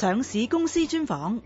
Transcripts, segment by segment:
上市公司專訪。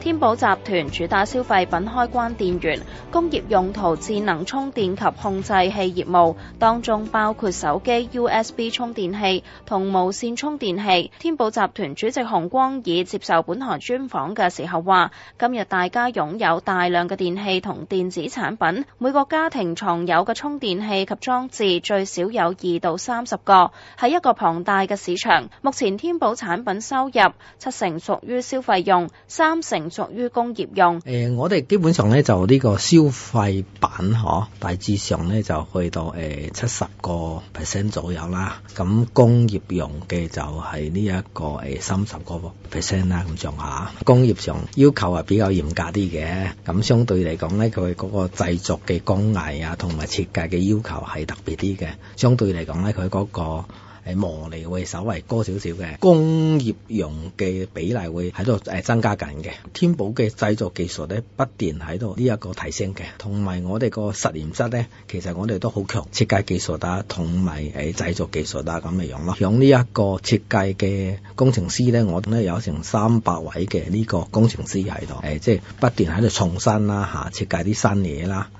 天寶集團主打消費品開關電源、工業用途智能充電及控制器業務，當中包括手機 USB 充電器同無線充電器。天寶集團主席洪光椅接受本台專訪嘅時候話，今日大家擁有大量嘅電器同電子產品，每個家庭藏有嘅充電器及裝置最少有二到三十個，係一個龐大嘅市場。目前天寶產品收入七成屬於消費用，三成。屬於工業用，誒、呃，我哋基本上咧就呢個消費版嗬，大致上咧就去到誒七十個 percent 左右啦。咁工業用嘅就係呢一個誒三十個 percent 啦咁上下。工業上要求係比較嚴格啲嘅，咁相對嚟講咧佢嗰個製作嘅工藝啊，同埋設計嘅要求係特別啲嘅。相對嚟講咧，佢嗰、個磨嚟會稍為高少少嘅，工業用嘅比例會喺度誒增加緊嘅。天寶嘅製作技術咧不斷喺度呢一個提升嘅，同埋我哋個實驗室咧，其實我哋都好強設計技術啊，同埋誒製造技術啊咁嘅樣咯。用呢一個設計嘅工程師咧，我哋咧有成三百位嘅呢個工程師喺度，誒即係不斷喺度創新啦吓，設計啲新嘢啦。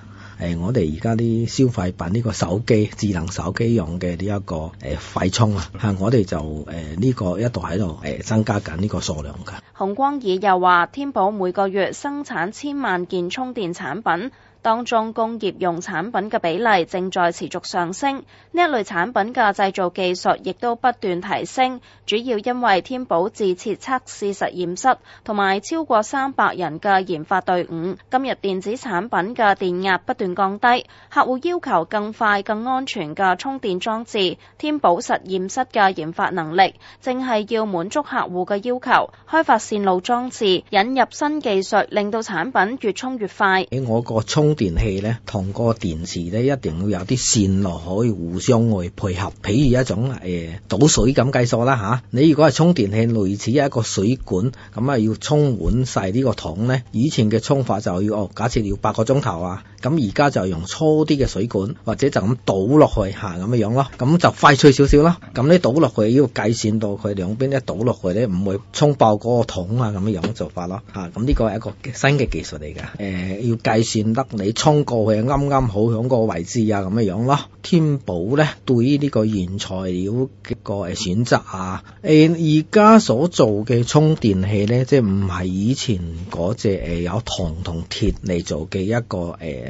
誒、呃，我哋而家啲消費品呢，這個手機智能手機用嘅呢一個誒、呃、快充啊，吓，我哋就誒呢個一度喺度誒增加緊呢個數量噶。洪光椅又話，天寶每個月生產千萬件充電產品。當中工業用產品嘅比例正在持續上升，呢一類產品嘅製造技術亦都不斷提升，主要因為天寶自設測試實驗室同埋超過三百人嘅研發隊伍。今日電子產品嘅電壓不斷降低，客戶要求更快、更安全嘅充電裝置。天寶實驗室嘅研發能力正係要滿足客戶嘅要求，開發綫路裝置，引入新技術，令到產品越充越快。我個充。充電器咧，同個電池咧，一定要有啲線路可以互相去配合。譬如一種誒、欸，倒水咁計數啦吓。你如果係充電器，類似一個水管咁啊，要充滿晒呢個桶咧。以前嘅充法就要哦，假設要八個鐘頭啊。咁而家就用粗啲嘅水管，或者就咁倒落去吓，咁嘅樣咯，咁就快脆少少啦。咁你倒落去要計算到佢兩邊一倒落去咧，唔會衝爆嗰個桶啊，咁嘅樣做法咯。嚇，咁呢個係一個新嘅技術嚟嘅。誒、呃，要計算得你衝過去啱啱好響個位置啊，咁嘅樣咯。天寶咧，對於呢個原材料嘅個誒選擇啊，誒而家所做嘅充電器咧，即係唔係以前嗰隻、呃、有銅同鐵嚟做嘅一個誒。呃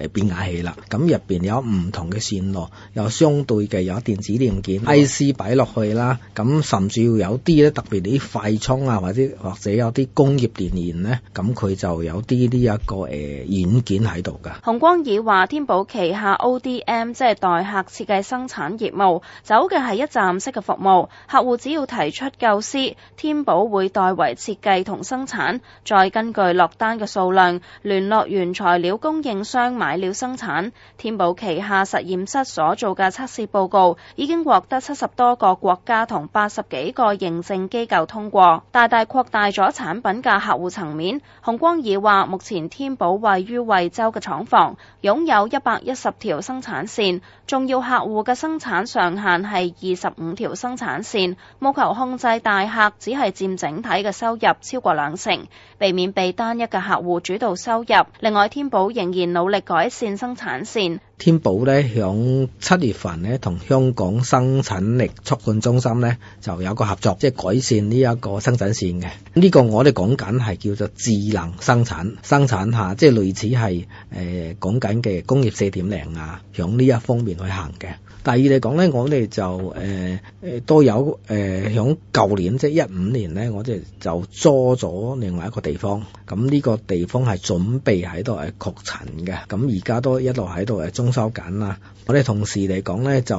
誒變壓器啦，咁入邊有唔同嘅線路，有相對嘅有電子零件、IC 擺落去啦，咁甚至要有啲咧，特別啲快充啊，或者或者有啲工業電源呢，咁佢就有啲呢一個誒軟件喺度噶。洪、呃、光椅話，天寶旗下 ODM 即係代客設計生產業務，走嘅係一站式嘅服務，客戶只要提出構思，天寶會代為設計同生產，再根據落單嘅數量聯絡原材料供應商材料生產，天寶旗下實驗室所做嘅測試報告已經獲得七十多個國家同八十幾個認證機構通過，大大擴大咗產品嘅客戶層面。洪光椅話：目前天寶位於惠州嘅廠房擁有一百一十條生產線，重要客戶嘅生產上限係二十五條生產線，務求控制大客只係佔整體嘅收入超過兩成，避免被單一嘅客戶主導收入。另外，天寶仍然努力改。改善生產線。天寶咧，響七月份咧，同香港生產力促進中心咧就有個合作，即係改善呢一個生產線嘅。呢個我哋講緊係叫做智能生產，生產下即係類似係誒講緊嘅工業四點零啊，響呢一方面去行嘅。第二嚟講咧，我哋就誒誒、呃、都有誒響舊年即係一五年咧，我哋就租咗另外一個地方。咁、這、呢個地方係準備喺度係擴充嘅。咁而家都一路喺度係裝修緊啦。我哋同時嚟講咧，就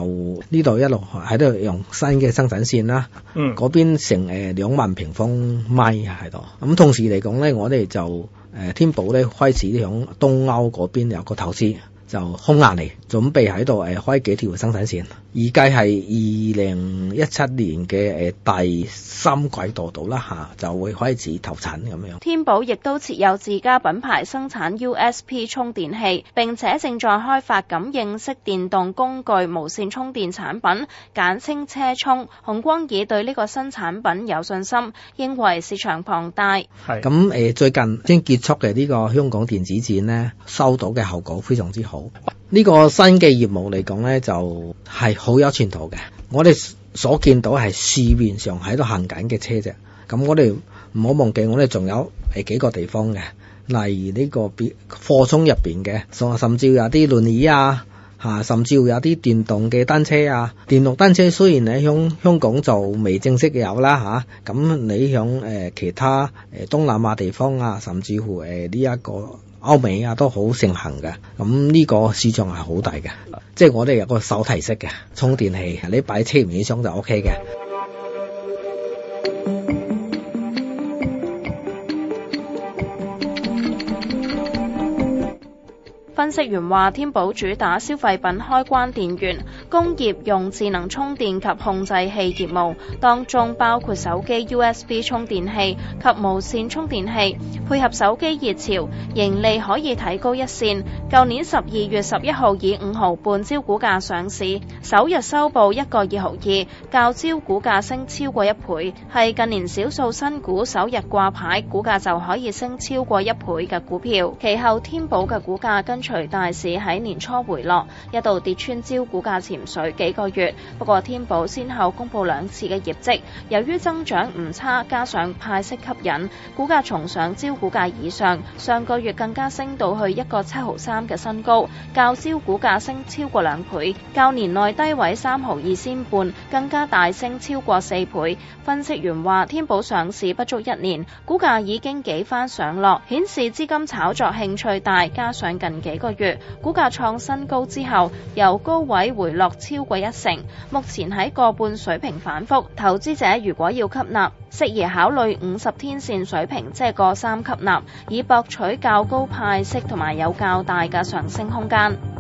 呢度一路喺度用新嘅生產線啦。嗯。嗰邊成誒兩萬平方米喺度。咁同時嚟講咧，我哋就誒、呃、天寶咧開始響東歐嗰邊有個投資。就空壓嚟，準備喺度誒開幾條生產線，預計係二零一七年嘅誒第三季度到啦嚇，就會開始投產咁樣。天寶亦都設有自家品牌生產 USB 充電器，並且正在開發感應式電動工具無線充電產品，簡稱車充。洪光椅對呢個新產品有信心，認為市場龐大。係咁誒，最近先結束嘅呢個香港電子展呢，收到嘅效果非常之好。呢個新嘅業務嚟講咧，就係、是、好有前途嘅。我哋所見到係市面上喺度行緊嘅車啫。咁我哋唔好忘記，我哋仲有係幾個地方嘅，例如呢個邊貨倉入邊嘅，甚至有啲輪椅啊，吓、啊，甚至會有啲電動嘅單車啊。電動單車雖然喺香香港就未正式有啦，吓，咁、啊、你響誒其他誒東南亞地方啊，甚至乎誒呢一個。歐美啊都好盛行嘅，咁呢個市場係好大嘅，即係我哋有個手提式嘅充電器，你擺車尾箱就 OK 嘅。分析員話：天寶主打消費品開關電源、工業用智能充電及控制器業務，當中包括手機 USB 充電器及無線充電器，配合手機熱潮，盈利可以提高一綫。舊年十二月十一號以五毫半招股價上市，首日收報一個二毫二，較招股價升超過一倍，係近年少數新股首日掛牌股價就可以升超過一倍嘅股票。其後天寶嘅股價跟隨。大市喺年初回落，一度跌穿招股價潛水幾個月。不過天寶先後公布兩次嘅業績，由於增長唔差，加上派息吸引，股價重上招股價以上。上個月更加升到去一個七毫三嘅新高，較招股價升超過兩倍，較年內低位三毫二仙半更加大升超過四倍。分析員話：天寶上市不足一年，股價已經幾番上落，顯示資金炒作興趣大，加上近幾個。個月股價創新高之後，由高位回落超過一成，目前喺個半水平反覆。投資者如果要吸納，適宜考慮五十天線水平，即係個三吸納，以博取較高派息同埋有較大嘅上升空間。